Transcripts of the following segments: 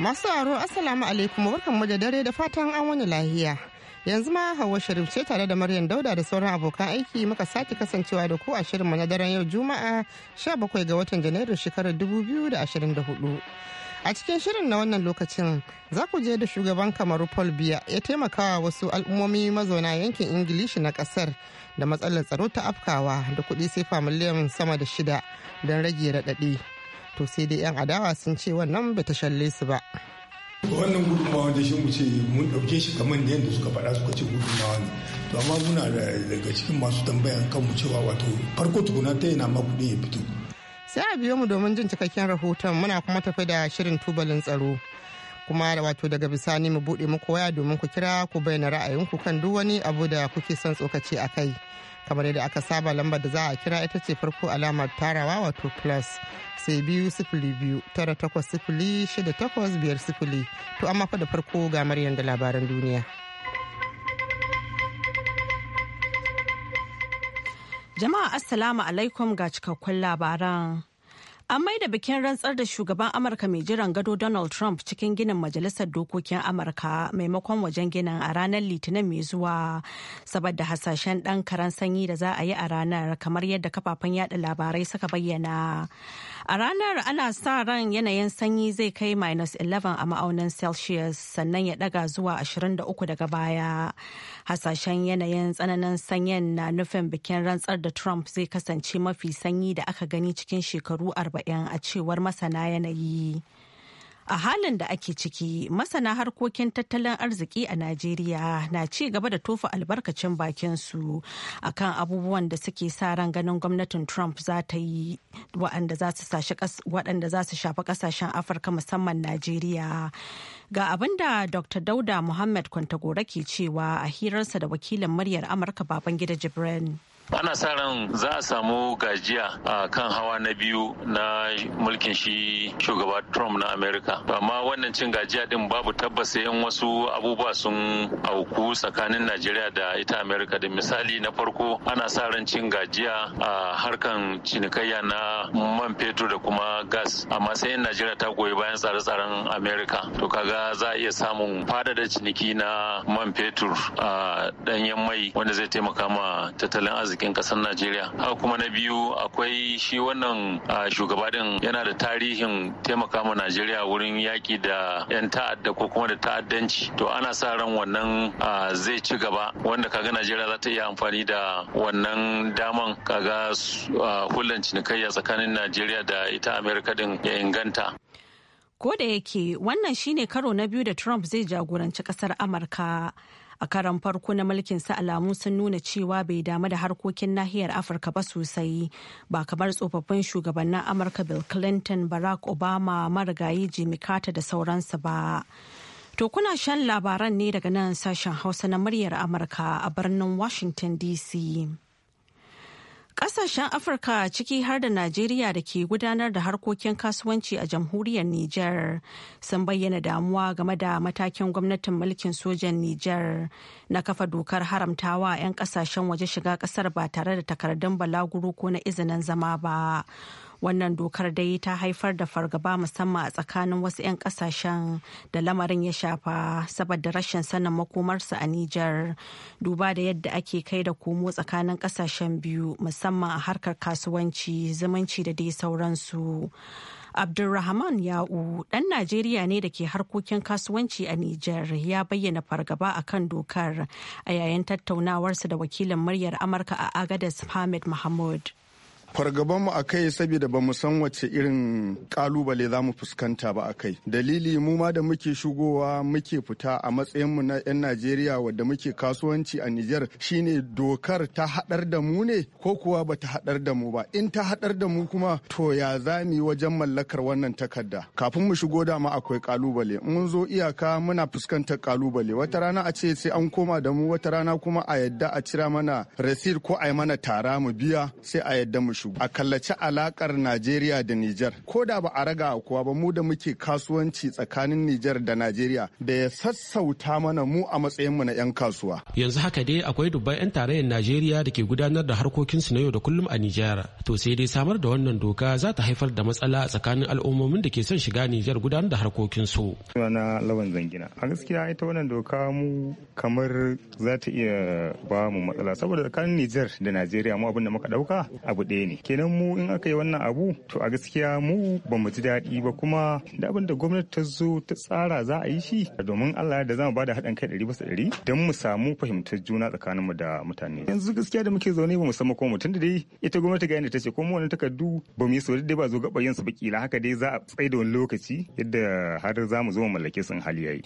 Masu aro Assalamu alaikum mu da dare da fatan an wani lahiya. Yanzu ma Hauwa Sharif ce tare da Maryam Dauda da sauran abokan aiki muka sake kasancewa da ku a shirinmu na daren yau Juma'a 17 ga watan Janairu shekarar 2024. A cikin shirin na wannan lokacin za ku je da shugaban kamaru Paul Biya ya taimakawa wasu al'ummomi mazauna yankin Ingilishi na kasar da matsalar tsaro ta afkawa da kuɗi sefa miliyan sama da shida don rage raɗaɗi. to sai dai 'yan adawa sun ce wannan ta shalle su ba wannan gudunmawa da shi mu ce mun dauke shi kamar da yadda suka faɗa suka ce gudunmawa ne to amma muna daga cikin masu kan mu cewa wato farko tukuna ta yana ma kuɗin ya fito sai a biyo mu domin jin cikakken rahoton muna kuma tafi da shirin tubalin tsaro kuma wato daga bisani mu buɗe muku waya domin ku kira ku bayyana ra'ayinku kan duk wani abu da kuke son tsokaci a kai kamar yadda aka saba lambar da za a kira ita ce farko alamar tarawa wato plus sai biyu sifili biyu tara takwas sifili shida takwas biyar sifili to amma fa da farko ga maryam da labaran duniya jama'a assalamu alaikum ga cikakkun labaran An maida bikin rantsar da shugaban Amurka mai jiran gado Donald Trump cikin ginin Majalisar Dokokin Amurka maimakon wajen ginin a ranar Litinin mai zuwa saboda hasashen ɗan karan sanyi da za a yi a ranar kamar yadda kafafen yada labarai suka bayyana. A ranar ana sa ran yanayin sanyi zai kai minus 11 a ma'aunin Celsius sannan ya ɗaga zuwa 23 daga baya. Hasashen yanayin tsananin sanyin na nufin bikin rantsar da Trump zai kasance mafi sanyi da aka gani cikin shekaru 40. arba'in a cewar masana yanayi. a halin da ake ciki masana harkokin tattalin arziki a najeriya na ci gaba da tofa albarkacin bakin su akan abubuwan da suke sa ran ganin gwamnatin trump za ta yi waɗanda za su shafi ƙasashen afirka musamman najeriya ga abin da dr dauda muhammad kwantagora ke cewa a hirarsa da wakilin muryar amurka baban gida jibril ana sa ran za a samu gajiya a kan hawa na biyu na mulkin shi shugaba trump na Amerika, amma wannan cin gajiya din babu tabbas yan wasu abubuwa sun auku tsakanin najeriya da ita america da misali na farko ana sa ran cin gajiya a harkan cinikayya na man fetur da kuma gas amma sai najeriya ta goyi bayan tsare-tsaren Amerika, to kaga za a iya samun fadada ciniki na man fetur a danyen mai wanda zai taimaka ma tattalin arziki arzikin kasar najeriya haka kuma na biyu akwai shi wannan shugaba din yana da tarihin taimaka ma najeriya wurin yaki da 'yan ta'adda ko kuma da ta'addanci to ana sa ran wannan zai ci gaba wanda kaga najeriya za ta iya amfani da wannan daman kaga hulɗar cinikayya tsakanin najeriya da ita amerika din ya inganta ko da yake wannan shine karo na biyu da trump zai jagoranci kasar amurka a karan farko na mulkin sa alamu sun nuna cewa bai damu da harkokin nahiyar afirka ba sosai ba kamar tsofaffin shugabannin amurka bill clinton barack obama marigayi jimmy carter da sauransu ba to kuna shan labaran ne daga nan sashen hausa na muryar amurka a birnin washington dc Ƙasashen Afirka ciki har da Najeriya da ke gudanar da harkokin kasuwanci a jamhuriyar Nijar sun bayyana damuwa game da matakin gwamnatin mulkin sojan Nijar na kafa dokar haramtawa 'yan ƙasashen waje shiga ƙasar ba tare da takardun balaguro ko na izinin zama ba. wannan dokar dai ta haifar da fargaba musamman a tsakanin wasu 'yan kasashen da lamarin ya shafa saboda rashin sanin makomarsa a nijar duba da yadda ake kai da komo tsakanin kasashen biyu musamman a harkar kasuwanci zumunci da dai sauransu Abdulrahman Ya'u ɗan Najeriya ne da ke harkokin kasuwanci a Nijar ya bayyana fargaba a kan dokar a yayin tattaunawarsa da wakilin muryar Amurka a agadas Hamid Mahmud. fargaban mu akai saboda ba mu san wace irin kalubale za mu fuskanta ba akai dalili mu ma da muke shigowa muke fita a matsayin mu na yan Najeriya wadda muke kasuwanci a Nijar shine dokar ta hadar da mu ne ko kuwa ba ta hadar da mu ba in ta hadar da mu kuma to ya za mu wajen mallakar wannan takarda kafin mu shigo da mu akwai kalubale mun zo iyaka muna fuskantar kalubale wata rana a ce sai an koma da mu wata rana kuma a yadda a cira mana receipt ko a yi mana tara mu biya sai a yadda mu su. a kallaci alakar najeriya da nijar ko da ba a raga kuwa ba mu da muke kasuwanci tsakanin nijar da najeriya da ya sassauta mana mu a matsayin mu na 'yan kasuwa yanzu haka dai akwai dubban 'yan tarayyar najeriya da ke gudanar da harkokinsu na yau da kullum a nijar to sai dai samar da wannan doka za ta haifar da matsala tsakanin al'ummomin da ke son shiga nijar gudanar da harkokinsu na lawan zangina a gaskiya ita wannan doka mu kamar za ta iya ba mu matsala saboda tsakanin nijar da najeriya mu abin da muka dauka abu ɗaya ne kenan mu in aka yi wannan abu to a gaskiya mu ba mu ji daɗi ba kuma da abin da gwamnati ta zo ta tsara za a yi shi domin Allah da za mu bada haɗin kai ɗari bisa ɗari don mu samu fahimtar juna tsakanin mu da mutane yanzu gaskiya da muke zaune ba mu san komai mutum da dai ita gwamnati ga yadda ta ce kuma wannan takardu ba mu yi so dai ba zo gaba yin su ba kila haka dai za a tsaye da wani lokaci yadda har za mu zo mu mallake sun hali yayi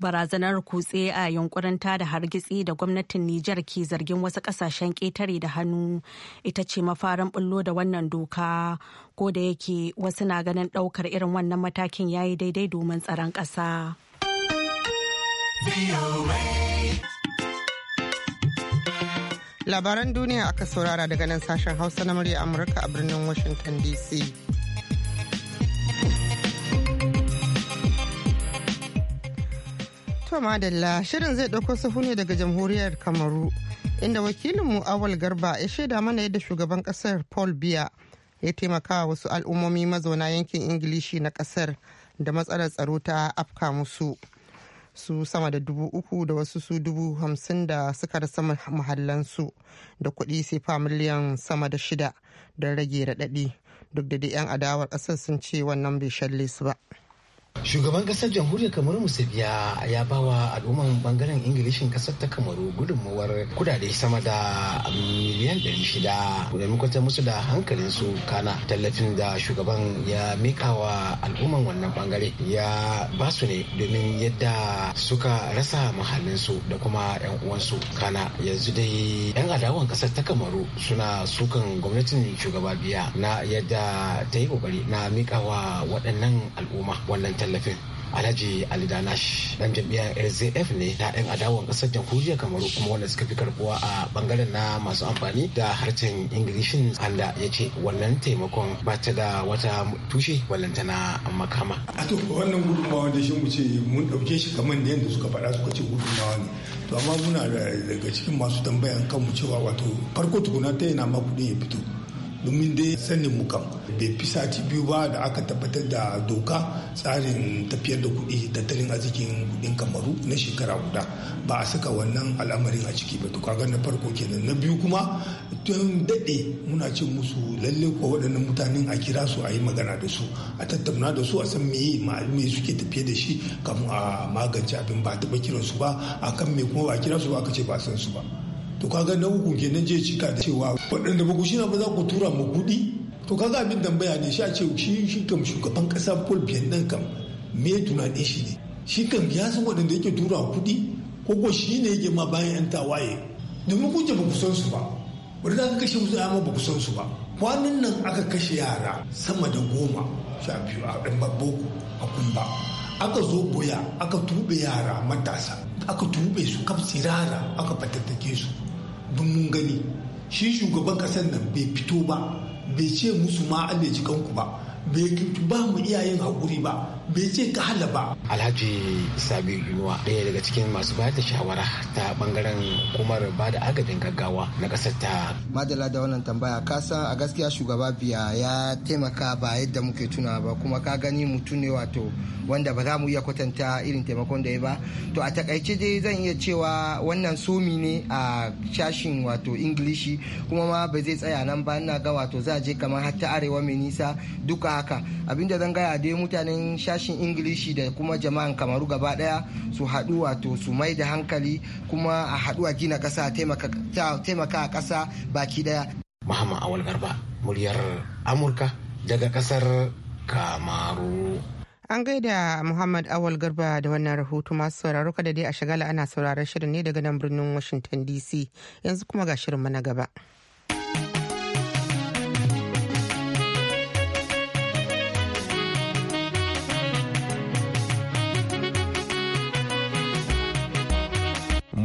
barazanar kutse a yunkurin da hargitsi da gwamnatin Nijar ke zargin wasu kasashen ƙetare da hannu ita ce mafarin bullo da wannan doka ko da yake wasu na ganin ɗaukar irin wannan matakin yayi daidai domin tsaron ƙasa. Labaran duniya aka saurara daga nan sashen Hausa na murya Amurka a birnin Washington DC. To madalla shirin zai ɗauko sahu ne daga jamhuriyar Kamaru inda wakilinmu Awal Garba ya shaida mana yadda shugaban kasar Paul Biya ya taimaka wasu al'ummomi mazauna yankin Ingilishi na kasar da matsalar tsaro ta afka musu. Su sama da dubu uku da wasu su dubu hamsin da suka rasa mahallansu da kuɗi sefa miliyan sama da shida don rage raɗaɗi duk da 'yan adawar ƙasar sun ce wannan bai shalle su ba. Shugaban kasar jamhuriyar Kamaru Musabiya ya ba wa al'umman bangaren Ingilishin kasar ta Kamaru gudunmawar kudade sama da miliyan 600 domin kwatanta musu da hankalin su kana tallafin da shugaban ya mika wa al'umman wannan bangare ya ba su ne domin yadda suka rasa su da kuma 'yan uwansu kana yanzu dai 'yan adawan kasar ta Kamaru suna sukan gwamnatin shugaba biya na yadda ta yi kokari na mika wa waɗannan al'umma wannan tallafin alhaji alidanash dan jam'iyyar rzf ne na yan adawan kasar jamhuriyar kamaru kuma wanda suka fi karbuwa a bangaren na masu amfani da harshen ingilishin anda ya ce wannan taimakon ba ta da wata tushe ballantana makama a to wannan gudunmawa da shi mu ce mun dauke shi kamar da yadda suka faɗa suka ce gudunmawa ne to amma muna daga cikin masu tambayan kanmu cewa wato farko tukuna ta yana ma kuɗin ya fito domin dai sanin mukan bai fi sati biyu ba da aka tabbatar da doka tsarin tafiyar da kuɗi tattalin arzikin kuɗin kamaru na shekara guda ba a saka wannan al'amarin a ciki ba to kaga na farko kenan na biyu kuma tun daɗe muna ce musu lalle ko waɗannan mutanen a kira su a yi magana da su a tattauna da su a san me me suke tafiye da shi kafin a magance abin ba a taɓa kiransu ba a kan me kuma ba kira su ba aka ce ba san su ba to kaga na uku kenan je cika da cewa waɗanda ba ku shi ba za ku tura mu kuɗi to kaga abin tambaya ne shi a ce shi shi kam shugaban kasa Paul Biya nan kam me tunanin shi ne shi kam ya san waɗanda yake tura kuɗi ko ko shi ne yake ma bayan yan tawaye domin ku ba ku san su ba wani za ka kashe wasu ya ba ku san su ba kwanan nan aka kashe yara sama da goma sha biyu a ɗan boko a kumba aka zo boya aka tube yara matasa aka tube su kaf tsirara aka fatattake su duk mun gani shi shugaban kasar nan bai fito ba bai ce musu ma Allah jikanku ba bai ba mu iyayen haƙuri ba bai ce kala ba. Alhaji Sabi yuwa. ɗaya daga cikin masu bayar da shawara ta bangaren hukumar ba da agajin gaggawa na ƙasar ta. Madala da wannan tambaya ka san a gaskiya shugaba biya ya taimaka ba yadda muke tuna ba kuma ka gani mutum ne wato wanda ba za mu iya kwatanta irin taimakon da ya ba. To a takaice dai zan iya cewa wannan somi ne a shashin wato ingilishi kuma ma ba zai tsaya nan ba ina ga wato za je kamar har arewa mai nisa duka haka abinda zan gaya dai mutanen shashin sashen ingilishi da kuma jama'an kamaru gaba daya su haɗu wato su mai da hankali kuma a haɗu a gina ƙasa taimaka a ƙasa baki daya muhammad awal garba muryar amurka daga ƙasar kamaru An gaida Muhammad Awal Garba da wannan rahoto masu sauraro kada dai a shagala ana sauraron shirin ne daga nan birnin Washington DC yanzu kuma ga shirin mana gaba.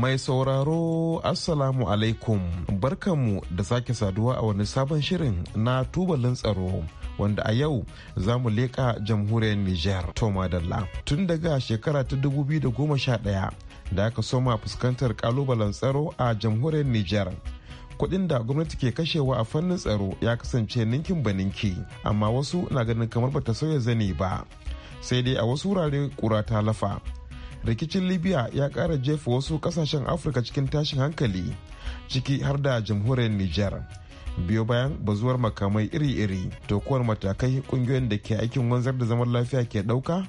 Mai sauraro Assalamu alaikum barkanmu da sake saduwa a wani sabon shirin na tubalin tsaro wanda a yau za mu leƙa jamhuriyar Nijar Toma Dalla. Tun daga shekara ta 2011 da aka soma fuskantar kalubalen tsaro a jamhuriyar Nijar. kuɗin da gwamnati ke kashewa a fannin tsaro ya kasance ninkin ba amma wasu na ganin kamar bata sauya zane ba sai dai a wasu wurare ƙura ta lafa rikicin libya ya kara jefa wasu kasashen afirka cikin tashin hankali ciki har da jamhuriyar niger biyo bayan bazuwar makamai iri-iri tokuwar matakai kungiyoyin da ke aikin wanzar da zaman lafiya ke dauka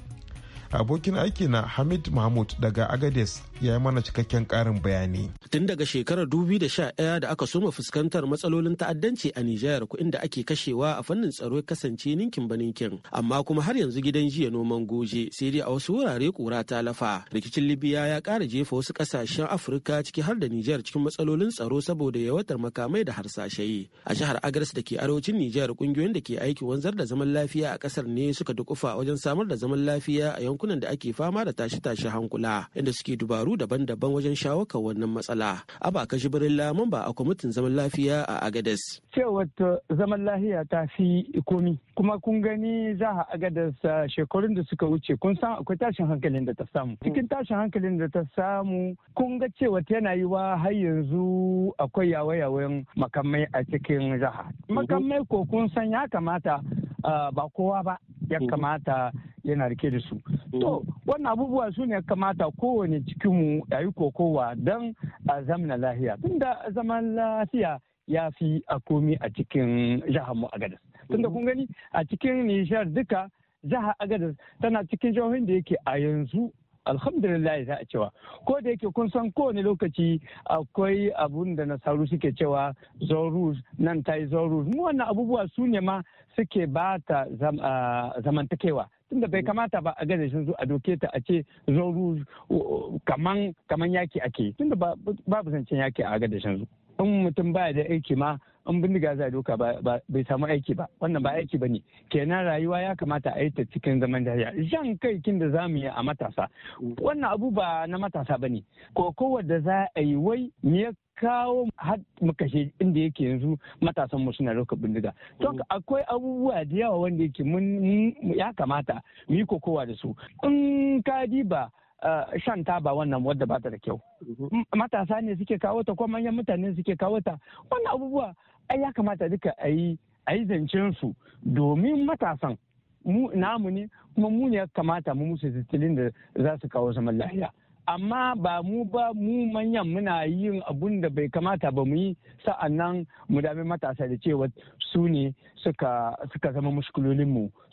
abokin aiki na hamid mahmud daga agades ya yi mana cikakken karin bayani tun daga shekarar 2011 da sha da aka soma fuskantar matsalolin ta'addanci a nijar kuɗin da ake kashewa a fannin tsaro kasance ninkin baninkin amma kuma har yanzu gidan jiya noman goje sai dai a wasu wurare kura ta lafa rikicin libya ya kara jefa wasu kasashen afirka ciki har da nijar cikin matsalolin tsaro saboda yawatar makamai da harsashai. a jihar agres da ke arewacin nijar kungiyoyin da ke aiki wanzar da zaman lafiya a kasar ne suka dukufa wajen samar da zaman lafiya a yankunan yankunan da ake fama da tashi-tashi hankula inda suke dubaru daban-daban wajen shawo kan wannan matsala. Abaka Shibirin Lamun ba a kwamitin zaman lafiya a agadas Cewar zaman lafiya ta fi komi kuma kun gani za a Agades shekarun da suka wuce kun san akwai tashin hankalin da ta samu. Mm. Cikin tashin hankalin da ta samu kun ga cewa yana yi wa har yanzu akwai yawayawan makamai a cikin jiha. Makamai ko kun san ya kamata ba kowa ba ya mhm. kamata yana rike da su mhm. to wannan abubuwa su ne kamata kowane cikinmu a yi kokowa don a zamana lahiya tunda zaman lafiya ya fi a komi a cikin jihar mu agadas tunda mhm. kun gani a cikin nishar duka jihar agadas tana cikin jihohin da yake a yanzu alhamdulillah za a cewa ko da yake kun san kowane lokaci akwai abun da nasaru suke cewa zoru nan ta yi zoru mu wannan abubuwa su ne ma suke ba ta zamantakewa tunda bai kamata ba a gane shi a doke ta a ce zoru kaman yaki ake tunda babu zancen yaki a gane shi in mutum baya da aiki ma in bindiga za doka bai samu aiki ba wannan ba aiki ba ne kenan rayuwa ya kamata a yi ta cikin zaman dariya jan kai kin da zamu yi a matasa wannan abu ba na matasa ba ne kokowa da za a yi wai me kawo har kashe inda yake yanzu matasan mu suna roka bindiga to akwai abubuwa da yawa wanda yake mun ya kamata mu yi kokowa da su in ka diba Eh, shan taba wannan wadda ba ta da kyau mhm. matasa ne suke kawo ta ko manyan mutane suke kawo ta wannan abubuwa ai ya kamata duka ayi yi zancen su domin matasan mu namu ne kuma mu ne kamata mu musu tattalin da za su kawo zaman lahiya amma ba mu ba mu manyan muna yin abun da bai kamata ba mu yi sa'annan mu dami matasa da cewa su ne suka zama mu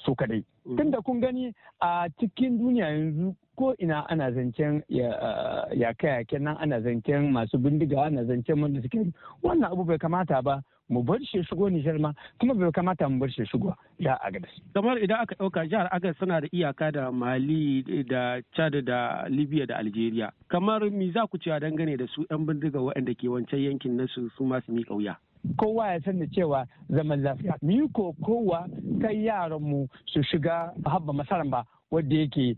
su kadai Mm. tunda kun gani a cikin duniya yanzu ko ina ana zancen yaƙe-yaƙen eh, nan ana zancen masu bindiga ana zancen wanda suke wannan abu bai kamata ba mu bar shi shigo ni ma kuma bai kamata mu bar shi shigo ya agadas Kamar idan aka dauka jihar agadas suna da iyaka da Mali da Chad da Libya da Algeria. Kamar mi za ku cewa dangane da su 'yan bindiga waɗanda ke wancan yankin nasu su masu miƙa wuya. kowa ya sani cewa zaman lafiya mu yi kowa kai yaranmu su shiga habba masaran ba wadda yake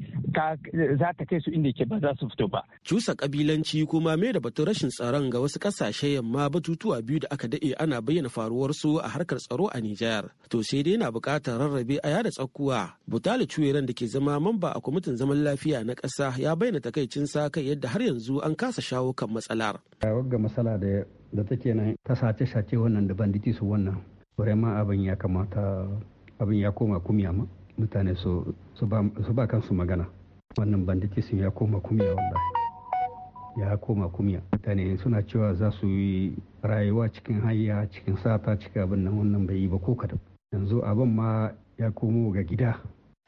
za ta kai su inda yake ba za su fito ba. Cusa kabilanci kuma mai da batun rashin tsaron ga wasu kasashe yamma batutuwa biyu da aka daɗe ana bayyana faruwar su a harkar tsaro a Nijar. To sai dai na buƙatar rarrabe a yada tsakkuwa Butali Cuyeran da ke zama mamba a kwamitin zaman lafiya na ƙasa ya bayyana takaicin sa kai yadda har yanzu an kasa shawo kan matsalar. ga matsala da da ce nan ta sace-sace wannan da banditi su wannan vraiment abin ya kamata abin ya koma kumiya ma mutane su ba kansu magana wannan banditi sun ya koma kumiya wanda ya koma kumiya mutane suna cewa za su yi rayuwa cikin hayya cikin sata cikin abin nan wannan bai yi ba ko kadan yanzu abin ma ya komo ga gida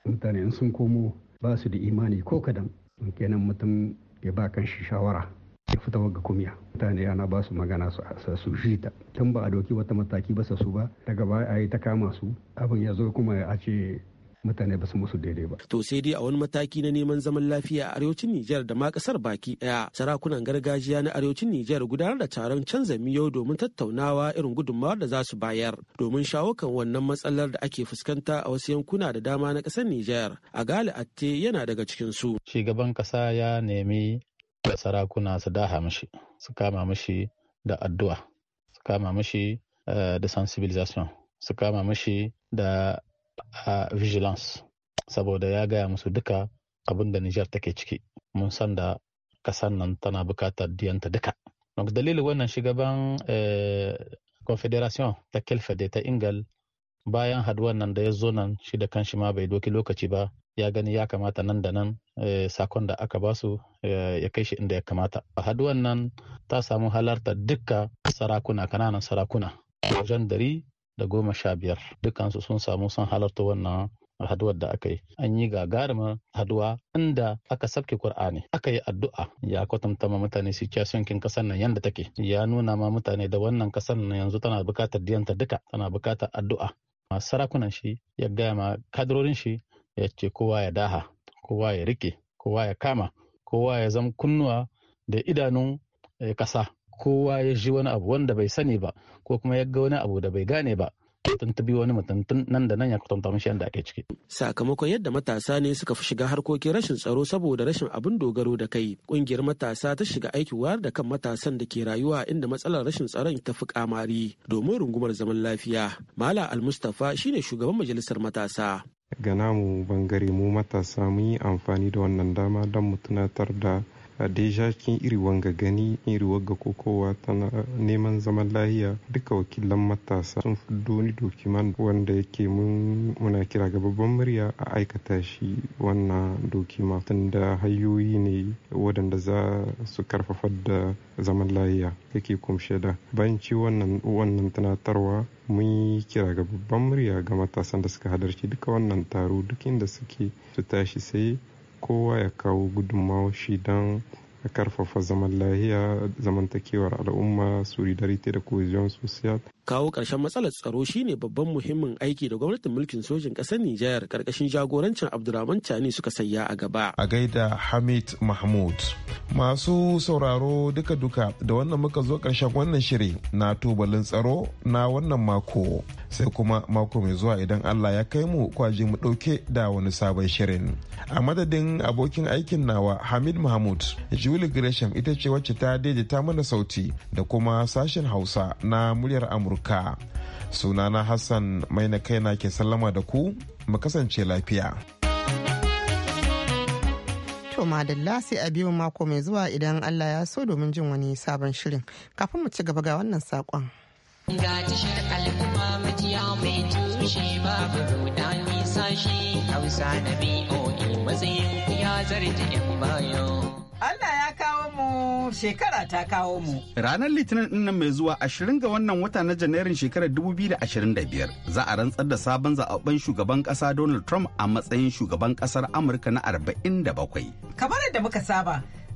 mutane sun komo ba su da imani ko kadan kenan mutum ya ba kan shi shawara fita ga kumiya mutane ana ba su magana su su jita tun ba a doki wata mataki ba su ba daga ba a yi ta kama su abin ya zo kuma a ce mutane ba su musu daidai ba. To sai dai a wani mataki na neman zaman lafiya a arewacin Nijar da ma kasar baki daya sarakunan gargajiya na arewacin Nijar gudanar da taron canza miyau domin tattaunawa irin gudunmawar da za su bayar domin shawo kan wannan matsalar da ake fuskanta a wasu yankuna da dama na kasar Nijar. A gali atte yana daga cikin su. Shugaban kasa ya nemi da sarakuna su daha mishi su kama mishi da addu'a su kama mishi eh, da sensibilisation su kama mishi da vigilance saboda ya gaya musu duka abin da Nijar take ciki mun san da kasar nan tana bukatar diyanta duka dalilin wannan shugaban eh, confederation ta kelfede ta ingal bayan haduwan nan da ya zo nan shi da kanshi ma bai doki lokaci ba ya gani ya kamata nan da nan eh, sakon da aka ba basu eh, ya kai shi inda ya kamata haduwan nan ta samu halarta duka sarakuna kananan sarakuna wajen dari da goma sha biyar dukansu sun samu sun halarta wannan haduwar da aka yi an yi gagarumar haduwa inda aka sabke kur'ani aka yi addu'a ya kwatanta ma mutane situation kin kasan nan yanda take ya nuna ma mutane da wannan kasan nan yanzu tana bukatar diyanta duka tana bukatar addu'a sarakunan shi ya gaya ma kadrorin shi ya ce kowa ya daha kowa ya rike kowa ya kama kowa ya zama kunnuwa da idanun kasa eh, kowa ya ji wani abu wanda bai sani ba ko kuma ya ga wani abu da bai gane ba tuntubi wani mutum nan da nan ya kwatanta mishi yadda ake ciki. Sakamakon yadda matasa ne suka fi shiga harkokin rashin tsaro saboda rashin abin dogaro da kai. Kungiyar matasa ta shiga aiki wayar da kan matasan da ke rayuwa inda matsalar rashin tsaron ta fi kamari domin rungumar zaman lafiya. Mala Almustafa shine shugaban majalisar matasa. Ga namu bangare mu matasa mun yi amfani da wannan dama don mu tunatar da a deja kin iri wanga gani iri wanga kokowa tana neman zaman lahiya duka wakilan matasa sun fiddo ni dokiman wanda yake mun muna kira ga babban murya a aikata shi wannan dokima tun da hanyoyi ne waɗanda za su karfafa da zaman lahiya yake kumshe da bayan ci wannan wannan tunatarwa mun yi kira ga babban murya ga matasan da suka halarci duka wannan taro duk inda suke su tashi sai kowa ya kawo gudunmawar shi don a karfafa zaman lahiya zamantakewar al'umma solidarity da cohesion social kawo karshen matsalar tsaro shine babban muhimmin aiki da gwamnatin mulkin sojin ƙasar Nijar karkashin jagorancin Abdulrahman Chani suka sayya a gaba. A gaida Hamid Mahmud. Masu sauraro duka-duka da wannan muka zo karshen wannan shiri na tubalin tsaro na wannan mako. Sai kuma mako mai zuwa idan Allah ya kai mu kwaji mu ɗauke da wani sabon shirin. A madadin abokin aikin nawa Hamid Mahmud, Julie Gresham ita ce wacce ta daidaita mana sauti da kuma sashen Hausa na muryar Amurka. amurka sunana hassan mai na kaina ke sallama da ku mu kasance lafiya to madalla sai a biyu mako mai zuwa idan allah ya so domin jin wani sabon shirin kafin mu ci gaba ga wannan saƙon. Ga tashar al'umma majiya mai tushe babu rudani sashi hausa na BOA e, matsayin ya zarje 'yan bayo. Allah mu shekara ta kawo mu. Ranar Litinin ɗin mai zuwa 20 ga wannan wata na Janairun shekarar 2025 za a rantsar da sabon zaɓen shugaban ƙasa Donald Trump a matsayin shugaban ƙasar Amurka na 47. Kamar da muka saba,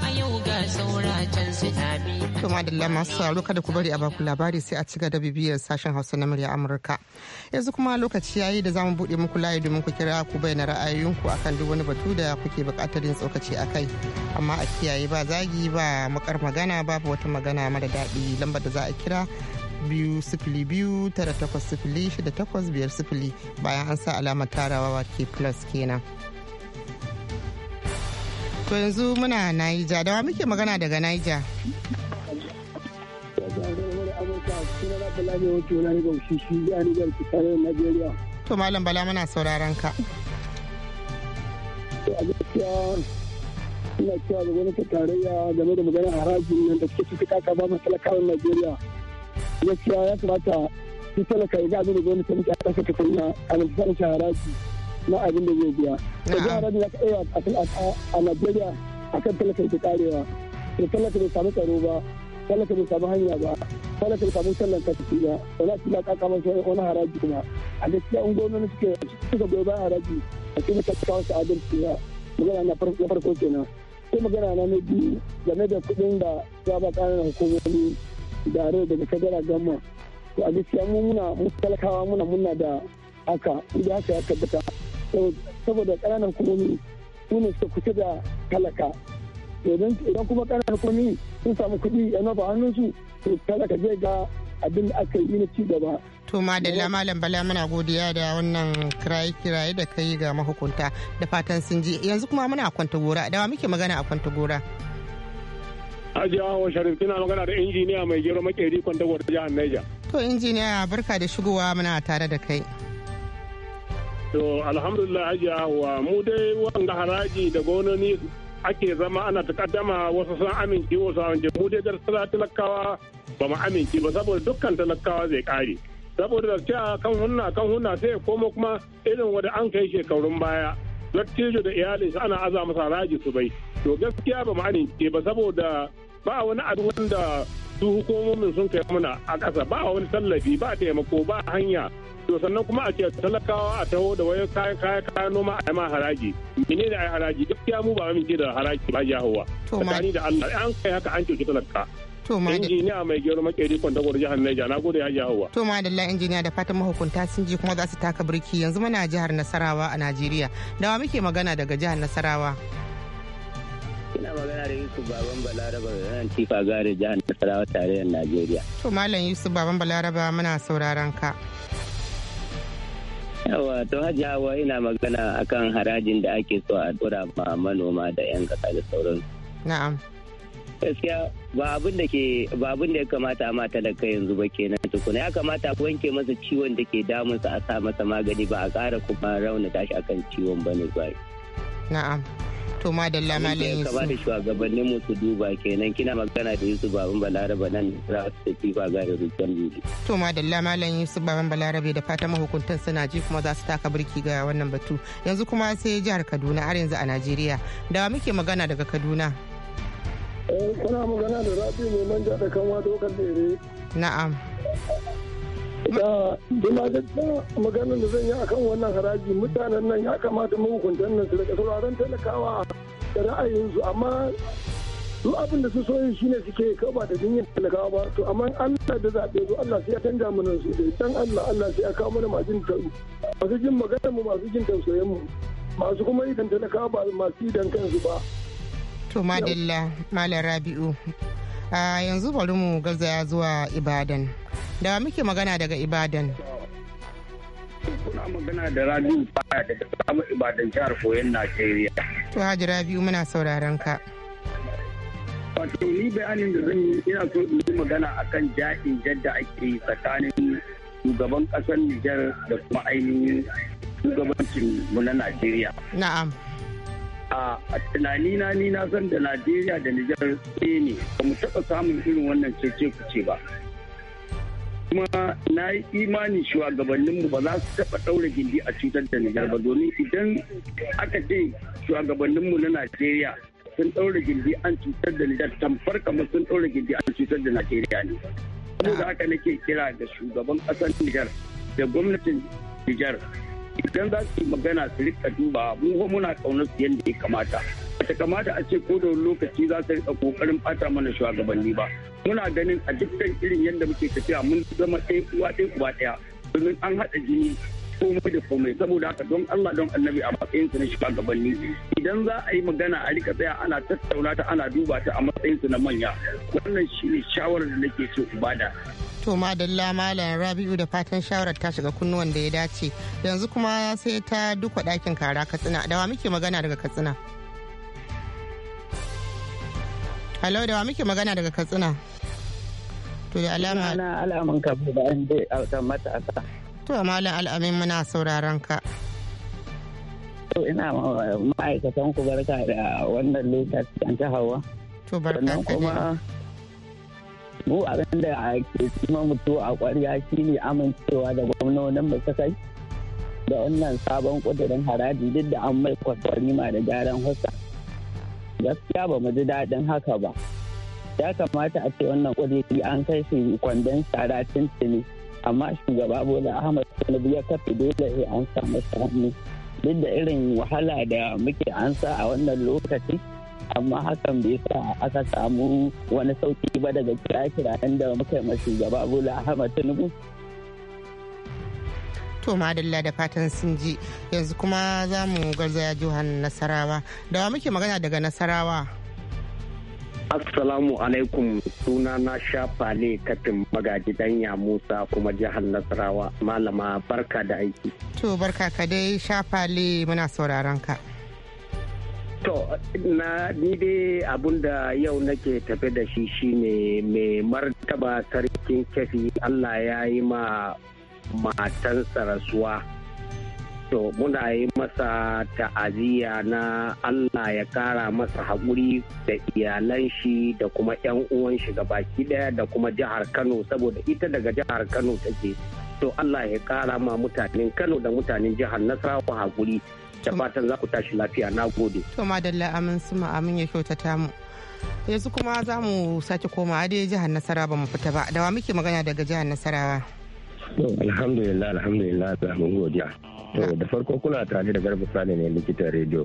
a yau ga saura su tabi. sauraro kada ku bari a baku labari sai a cigaba da bibiyar sashen Hausa na murya Amurka. Yanzu kuma lokaci yayi da zamu bude muku layi domin ku kira ku bayyana ra'ayoyinku akan duk wani batu da kuke buƙatar yin tsokaci akai. Amma a kiyaye ba zagi ba makar magana babu wata magana mara daɗi lambar da za a kira biyu sifili biyu tara takwas sifili shida takwas biyar sifili bayan an sa alamar tarawa ke plus kenan. To yanzu muna Naija, dawa muke magana daga Naija. To Malam Bala muna sauraron ka. ina cewa da gwamnatin tarayya game da maganar harajin nan da suke cikin kaka ba matalakawan Najeriya. Gaskiya ya kamata su talaka ya ga abin da gwamnatin ta kasa ta kunna a lantarki haraji. na abin da zai biya da jihar da ka iya a najeriya a kan talaka ke karewa da talaka bai samu tsaro ba talaka bai samu hanya ba talaka bai samu sallan ka tafi ba za su ka kama sai wani haraji kuma a gaskiya in gwamnati suke suka goyi bayan haraji a cikin ta kawo su adalci ba magana na farko kenan sai magana na na biyu game da kuɗin da za ba ƙananan hukumomi da rai daga kadara gamma to a gaskiya mu muna mu talakawa muna muna da haka idan haka ya tabbata Eh, saboda ƙananan hukumomi su ne suka kusa da talaka idan kuma ƙananan hukumomi sun samu kuɗi yana ba hannunsu to talaka zai ga abin da aka yi na ci gaba. To madalla malam bala muna godiya da wannan kiraye-kiraye da kai ga mahukunta da fatan sun ji yanzu kuma muna kwanta gora dawa muke magana a kwanta gora. Hajiya wa Sharif kina magana da injiniya mai gero makeri kwanta gora jihar Niger. To injiniya barka da shigowa muna tare da kai. To alhamdulillah ajiya wa mu dai wanda haraji da gononi ake zama ana takaddama wasu sun aminci, wasu amince mu dai gaskiya talakawa ba mu amince ba saboda dukkan talakawa zai kare saboda da cewa kan hunna kan hunna sai ya komo kuma irin wanda an kai shekarun baya dattijo da su ana aza masa haraji su bai to gaskiya ba mu amince ba saboda ba wani abu wanda su hukumomin sun kai mana a ƙasa ba wani tallafi ba taimako ba hanya to sannan kuma a ce talakawa a taho da wayo kayan kayan kayan noma a ma haraji mene ne ai haraji gaskiya mu ba ji da haraji ba ya hawa tsakani da Allah an kai haka an ce talaka to ma injiniya mai gero makeri kwantagwar jihar Niger na gode ya hawa to ma dalla injiniya da fatan mahukunta sun ji kuma za su taka birki yanzu muna jihar Nasarawa a Najeriya da wa muke magana daga jihar Nasarawa ina magana da Yusuf Baban Balaraba nan Tifa Gare jihar Nasarawa tarayyar Najeriya to malam Yusuf Baban Balaraba muna sauraron ka Yawa to hajji hawa ina magana akan harajin da ake so a dora ma manoma da 'yan kasa da sauransu. Na'am. gaskiya ba abin da ke ba abin da ya kamata a mata daga yanzu ba kenan tukuna ya kamata a wanke masa ciwon da ke damunsa a sa masa magani ba a ƙara kuma raunata shi akan ciwon ba ne ba. Na'am. to madalla malam yusuf kamar shugabannin mu su duba kenan kina magana da yusuf baban balarabe nan za su tafi ba ga da rubutun biyu to madalla malam yusuf baban balarabe da fatan mahukuntan suna ji kuma za su taka birki ga wannan batu yanzu kuma sai jihar kaduna har yanzu a najeriya da muke magana daga kaduna eh, kuna magana da rafi mai manja da kanwa dokar dare na'am da dimadatta maganar da zan yi a kan wannan haraji mutanen nan ya kamata mahukuntan nan su daga sauraron talakawa da ra'ayinsu amma duk abin da su soyi shi ne suke kaba da jinyar talakawa ba to amma Allah da zaɓe zo Allah sai ya canja mana su da dan Allah Allah sai ya kawo mana masu jin masu jin maganar mu masu jin tausayin mu masu kuma idan talakawa ba masu idan kansu ba to madalla malam rabi'u a ah, yanzu bari mu garzaya zuwa ibadan da muke magana daga ibadan kuna magana da rabiu baya daga samun ibadan jihar koyon najeriya to hajji rabi muna sauraron ka wato ni bayanin da zan yi ina so in yi magana akan jaɗin jadda ake yi tsakanin shugaban ƙasar nijar da kuma ainihin shugabancin mu na najeriya na'am a tunani na ni na san da najeriya da nijar ne ba mu taɓa samun irin wannan cece ce ba kuma na yi imani shugabanninmu ba za su taɓa ɗaura gindi a cutar da Nijar ba domin idan aka ce shugabanninmu na Najeriya sun ɗaura gindi an cutar da Nijar tamfar kamar sun ɗaura gindi an cutar da Najeriya ne. Saboda haka nake kira da shugaban ƙasar Nijar da gwamnatin Nijar idan za su yi magana su rika duba mu muna ƙaunar su yadda ya kamata. ta kamata a ce ko da lokaci za ta rika kokarin bata mana shugabanni ba muna ganin a dukkan irin yadda muke tafiya mun zama ɗaya uwa ɗaya uwa ɗaya domin an haɗa jini komai da komai saboda haka don Allah don annabi a matsayinsu na shugabanni idan za a yi magana a rika tsaya ana tattauna ta ana duba ta a matsayin matsayinsu na manya wannan shine shawarar da nake so bada to madalla malam rabi'u da fatan shawarar ta shiga kunnuwan da ya dace yanzu kuma sai ta duka dakin kara katsina dawa muke magana daga katsina Hello da wa muke magana daga Katsina. To da alama. Ana alamun ka da an je a kan matasa. To malam al'amin muna sauraron ka. To ina ma'aikatan ku barka da wannan lokaci an ta hawa. To barka da kuma mu abin da ke cima mutu a shi ne amincewa da gwamnonin mu suka da wannan sabon kudirin haraji duk da an mai kwaswarima da gyaran hussa. gaskiya ba mu ji daɗin haka ba ya kamata a ce wannan ƙudiri an kai shi kwandon tsara tuntuni amma shugaba bola ahmad tinubu ya kafa dole sai an samu duk da irin wahala da muke ansa a wannan lokaci amma hakan bai sa aka samu wani sauki ba daga kira kira da muka yi ma shugaba bola ahmad tinubu to madalla da fatan sun ji yanzu kuma za mu garzaya jihar nasarawa da wa muke magana daga nasarawa assalamu alaikum suna na shafa ne katin magajidan ya musa kuma jihar nasarawa malama barka da aiki to barka ka dai shafa ne muna sauraron ka To, na ni dai abinda yau nake tafi da shi shine mai martaba sarkin kefi Allah ya yi ma matan rasuwa to muna yi masa ta'aziyya na Allah ya kara masa haƙuri da iyalan shi da kuma 'yan uwan shi ga baki ɗaya da kuma jihar Kano saboda ita daga jihar Kano take to Allah ya kara ma mutanen Kano da mutanen jihar Nasarawa haƙuri da fatan za ku tashi lafiya na gode. To madalla amin suma amin ya kyautata mu. Yanzu kuma za mu sake koma a jihar Nasarawa ba mu fita ba da muke magana daga jihar Nasarawa. To alhamdulillah alhamdulillah mun godiya. To da farko kuna tare da Garba Sani ne likitan rediyo.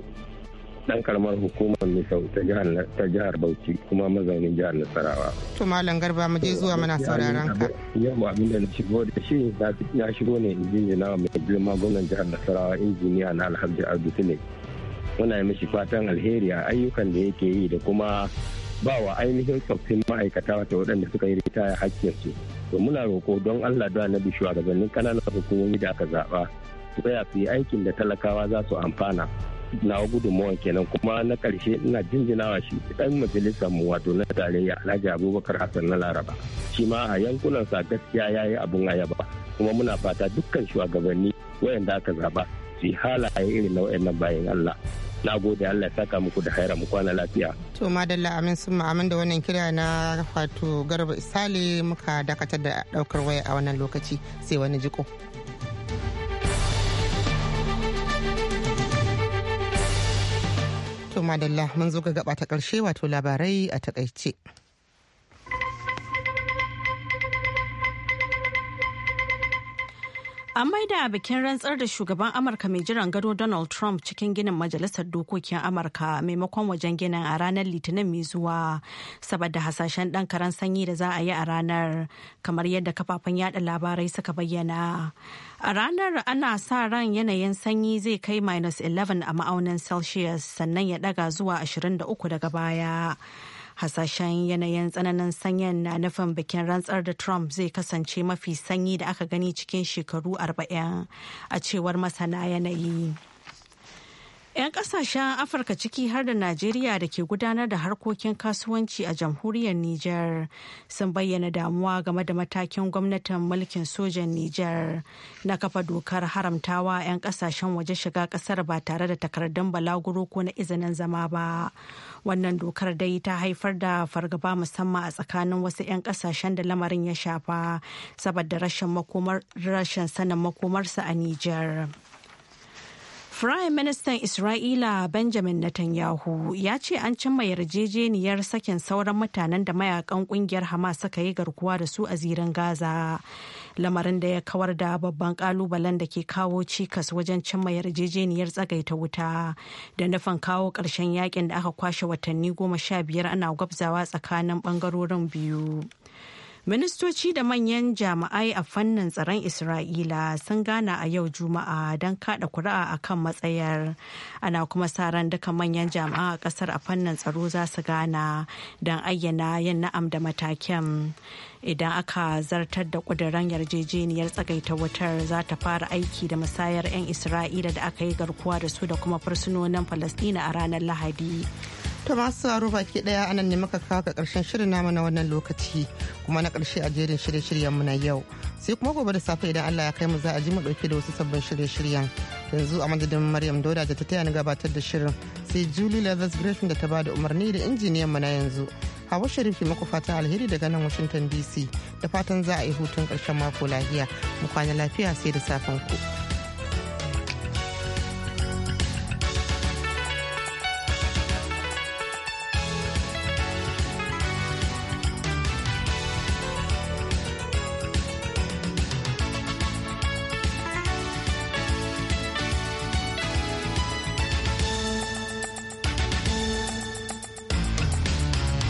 Dan karamar hukumar Misau ta jihar ta jihar Bauchi kuma mazaunin jihar Nasarawa. To Malam Garba mu je zuwa muna sauraron ka. Yau abin da na shigo da shi na shigo ne injiniya mai girma gwamnan jihar Nasarawa injiniya na Alhaji Abdu Sule. Muna yi mishi fatan alheri a ayyukan da yake yi da kuma ba wa ainihin tsoffin ma'aikata wata waɗanda suka yi ritaya hakkinsu. su. to muna roko don allah da na bishuwa gabanin kananan hukumomi da aka zaɓa su tsaya fi aikin da talakawa za su amfana na gudunmawa kenan kuma na karshe ina jinjinawa shi dan majalisar mu wato na tarayya alhaji abubakar hassan na laraba shi ma a yankunan sa gaskiya ya yi abun ayaba kuma muna fata dukkan shugabanni wayanda aka zaba su halaye irin na wayannan bayan allah na gode Allah saka muku da haira mu na lafiya to madalla amin sun ma'amin da wannan kira na wato garba Isali muka dakatar da daukar waya a wannan lokaci sai wani jiko to madalla mun zo ga gaba ta karshe wato labarai a takaice An da bikin rantsar da shugaban Amurka mai jiran gado Donald Trump cikin ginin Majalisar Dokokin Amurka maimakon wajen ginin a ranar Litinin mai zuwa saboda hasashen ɗan karan sanyi da za a yi a ranar kamar yadda kafafen yada labarai suka bayyana. A ranar ana sa ran yanayin sanyi zai kai minus 11 a ma'aunin Celsius sannan ya ɗaga zuwa 23 daga baya. hasashen yanayin tsananin sanyin na nufin bikin rantsar da trump zai kasance mafi sanyi da aka gani cikin shekaru 40 a cewar masana yanayi. 'Yan kasashen Afirka ciki har da Najeriya da ke gudanar da harkokin kasuwanci a jamhuriyar Nijar sun bayyana damuwa game da matakin gwamnatin mulkin sojan Nijar na kafa dokar haramtawa 'yan kasashen waje shiga kasar ba tare da takardun balaguro ko na izinin zama ba. Wannan dokar dai ta haifar da fargaba musamman a tsakanin wasu 'yan kasashen da lamarin ya shafa saboda rashin sanin makomarsa a Nijar. Firayim Ministan Isra'ila Benjamin Netanyahu ya ce an cimma yarjejeniyar sakin sauran mutanen da mayakan kungiyar Hamas suka yi garkuwa da su a zirin Gaza. Lamarin da ya kawar da babban kalubalen da ke kawo cikas wajen cimma yarjejeniyar tsagaita wuta da nufin kawo ƙarshen yakin da aka kwashe watanni goma sha biyar ana gwabzawa tsakanin ɓangarorin biyu. Ministoci da manyan jami'ai a fannin tsaron Isra'ila sun gana a yau Juma'a don kada kura'a a kan matsayar. Ana kuma sa ran duka manyan jami'a a kasar a fannin tsaro za su gana don ayyana yin na'am da mataken, Idan aka zartar da kudiran yarjejeniyar tsagaita wutar za ta fara aiki da musayar 'yan Isra'ila da aka yi garkuwa da su da kuma fursunonin Falasɗina a ranar Lahadi. ta masu aro baki daya anan ne muka kawo karshen shirin namu na wannan lokaci kuma na karshe a jerin shirye-shiryen mu na yau sai kuma gobe da safe idan Allah ya kai mu za a ji mu dauke da wasu sabbin shirye-shiryen yanzu a madadin Maryam Dauda da ta taya ni gabatar da shirin sai Julie Leathers Griffin da ta bada umarni da injiniyan mu na yanzu Hawa Sharifi muku fatan alheri daga nan Washington DC da fatan za a yi hutun karshen mako lafiya mu kwana lafiya sai da safen ku.